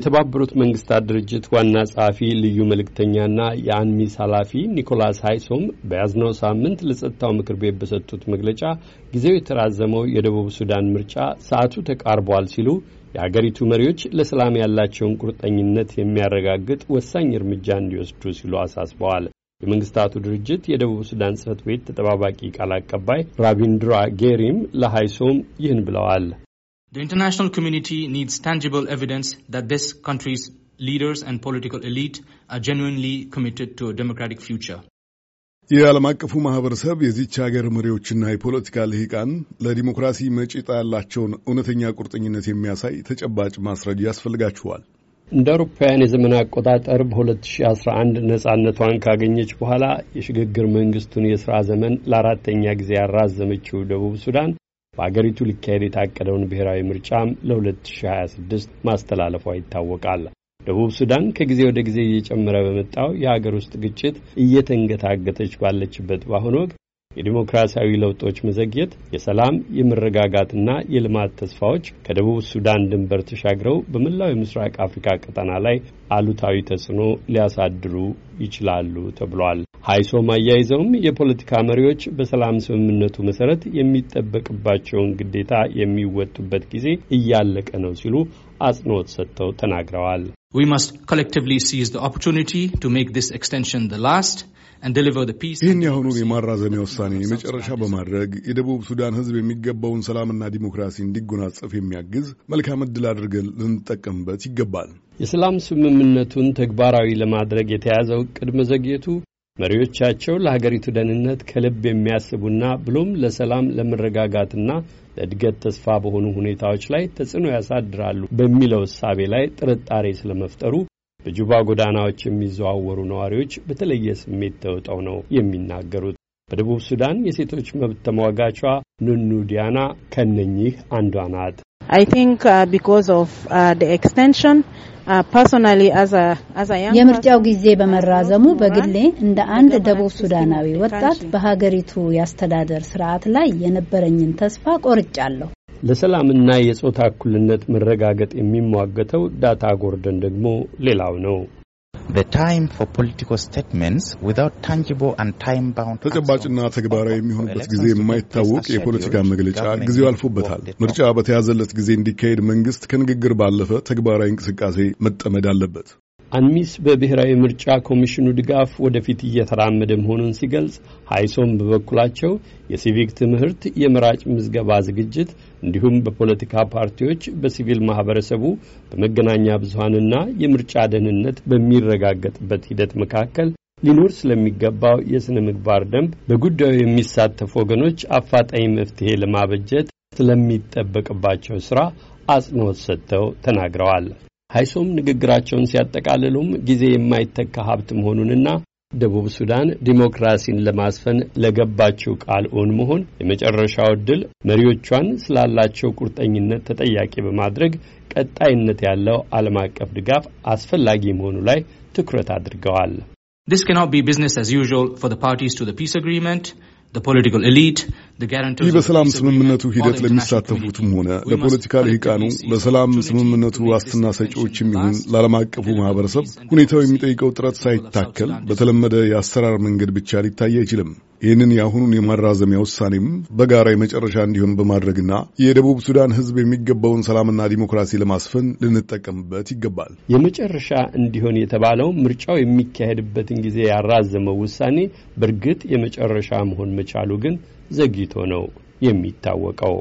የተባበሩት መንግስታት ድርጅት ዋና ጸሐፊ ልዩ መልእክተኛና የአንሚስ ኃላፊ ኒኮላስ ሃይሶም በያዝነው ሳምንት ለጸጥታው ምክር ቤት በሰጡት መግለጫ ጊዜው የተራዘመው የደቡብ ሱዳን ምርጫ ሰዓቱ ተቃርቧል ሲሉ የአገሪቱ መሪዎች ለሰላም ያላቸውን ቁርጠኝነት የሚያረጋግጥ ወሳኝ እርምጃ እንዲወስዱ ሲሉ አሳስበዋል። የመንግስታቱ ድርጅት የደቡብ ሱዳን ጽሕፈት ቤት ተጠባባቂ ቃል አቀባይ ራቢንድራ ጌሪም ለሃይሶም ይህን ብለዋል። The international community needs tangible evidence that this country's leaders and political elite are genuinely committed to a democratic future. የዓለም አቀፉ ማህበረሰብ የዚች ሀገር መሪዎችና የፖለቲካ ልሂቃን ለዲሞክራሲ መጪጣ ያላቸውን እውነተኛ ቁርጠኝነት የሚያሳይ ተጨባጭ ማስረጃ ያስፈልጋችኋል። እንደ አውሮፓውያን የዘመን አቆጣጠር በ2011 ነጻነቷን ካገኘች በኋላ የሽግግር መንግስቱን የሥራ ዘመን ለአራተኛ ጊዜ ያራዘመችው ደቡብ ሱዳን በአገሪቱ ሊካሄድ የታቀደውን ብሔራዊ ምርጫም ለ2026 ማስተላለፏ ይታወቃል። ደቡብ ሱዳን ከጊዜ ወደ ጊዜ እየጨመረ በመጣው የአገር ውስጥ ግጭት እየተንገታገተች ባለችበት በአሁኑ ወቅት የዲሞክራሲያዊ ለውጦች መዘግየት የሰላም የመረጋጋትና የልማት ተስፋዎች ከደቡብ ሱዳን ድንበር ተሻግረው በመላው የምስራቅ አፍሪካ ቀጠና ላይ አሉታዊ ተጽዕኖ ሊያሳድሩ ይችላሉ ተብሏል። ሀይሶም አያይዘውም የፖለቲካ መሪዎች በሰላም ስምምነቱ መሰረት የሚጠበቅባቸውን ግዴታ የሚወጡበት ጊዜ እያለቀ ነው ሲሉ አጽንኦት ሰጥተው ተናግረዋል። ይህን ያሁኑን የማራዘሚያ ውሳኔ የመጨረሻ በማድረግ የደቡብ ሱዳን ሕዝብ የሚገባውን ሰላምና ዲሞክራሲ እንዲጎናጸፍ የሚያግዝ መልካም ዕድል አድርገን ልንጠቀምበት ይገባል። የሰላም ስምምነቱን ተግባራዊ ለማድረግ የተያዘው እቅድ መዘግየቱ መሪዎቻቸው ለሀገሪቱ ደህንነት ከልብ የሚያስቡና ብሎም ለሰላም ለመረጋጋትና ለእድገት ተስፋ በሆኑ ሁኔታዎች ላይ ተጽዕኖ ያሳድራሉ በሚለው እሳቤ ላይ ጥርጣሬ ስለመፍጠሩ በጁባ ጎዳናዎች የሚዘዋወሩ ነዋሪዎች በተለየ ስሜት ተውጠው ነው የሚናገሩት። በደቡብ ሱዳን የሴቶች መብት ተሟጋቿ ኑኑ ዲያና ከነኚህ አንዷ ናት። አይ ቲንክ ኦፍ ኤክስቴንሽን Uh, የምርጫው ጊዜ በመራዘሙ በግሌ እንደ አንድ ደቡብ ሱዳናዊ ወጣት በሀገሪቱ የአስተዳደር ስርዓት ላይ የነበረኝን ተስፋ ቆርጫለሁ። ለሰላምና የጾታ እኩልነት መረጋገጥ የሚሟገተው ዳታ ጎርደን ደግሞ ሌላው ነው። ተጨባጭና ተግባራዊ የሚሆንበት ጊዜ የማይታወቅ የፖለቲካ መግለጫ ጊዜው አልፎበታል። ምርጫ በተያዘለት ጊዜ እንዲካሄድ መንግስት ከንግግር ባለፈ ተግባራዊ እንቅስቃሴ መጠመድ አለበት። አንሚስ በብሔራዊ ምርጫ ኮሚሽኑ ድጋፍ ወደፊት እየተራመደ መሆኑን ሲገልጽ ሀይሶም በበኩላቸው የሲቪክ ትምህርት፣ የመራጭ ምዝገባ ዝግጅት እንዲሁም በፖለቲካ ፓርቲዎች፣ በሲቪል ማህበረሰቡ፣ በመገናኛ ብዙሀንና የምርጫ ደህንነት በሚረጋገጥበት ሂደት መካከል ሊኖር ስለሚገባው የሥነ ምግባር ደንብ በጉዳዩ የሚሳተፉ ወገኖች አፋጣኝ መፍትሄ ለማበጀት ስለሚጠበቅባቸው ስራ አጽንኦት ሰጥተው ተናግረዋል። ሀይሶም ንግግራቸውን ሲያጠቃልሉም ጊዜ የማይተካ ሀብት መሆኑንና ደቡብ ሱዳን ዲሞክራሲን ለማስፈን ለገባችው ቃል እውን መሆን የመጨረሻው ዕድል መሪዎቿን ስላላቸው ቁርጠኝነት ተጠያቂ በማድረግ ቀጣይነት ያለው ዓለም አቀፍ ድጋፍ አስፈላጊ መሆኑ ላይ ትኩረት አድርገዋል። This cannot be business as usual for the parties to the peace agreement, the political elite, ይህ በሰላም ስምምነቱ ሂደት ለሚሳተፉትም ሆነ ለፖለቲካ ልሂቃኑ ለሰላም ስምምነቱ ዋስትና ሰጪዎች የሚሆን ለዓለም አቀፉ ማህበረሰብ ሁኔታው የሚጠይቀው ጥረት ሳይታከል በተለመደ የአሰራር መንገድ ብቻ ሊታይ አይችልም። ይህንን የአሁኑን የማራዘሚያ ውሳኔም በጋራ የመጨረሻ እንዲሆን በማድረግና የደቡብ ሱዳን ሕዝብ የሚገባውን ሰላምና ዲሞክራሲ ለማስፈን ልንጠቀምበት ይገባል። የመጨረሻ እንዲሆን የተባለው ምርጫው የሚካሄድበትን ጊዜ ያራዘመው ውሳኔ በእርግጥ የመጨረሻ መሆን መቻሉ ግን ዘግይቶ ነው የሚታወቀው።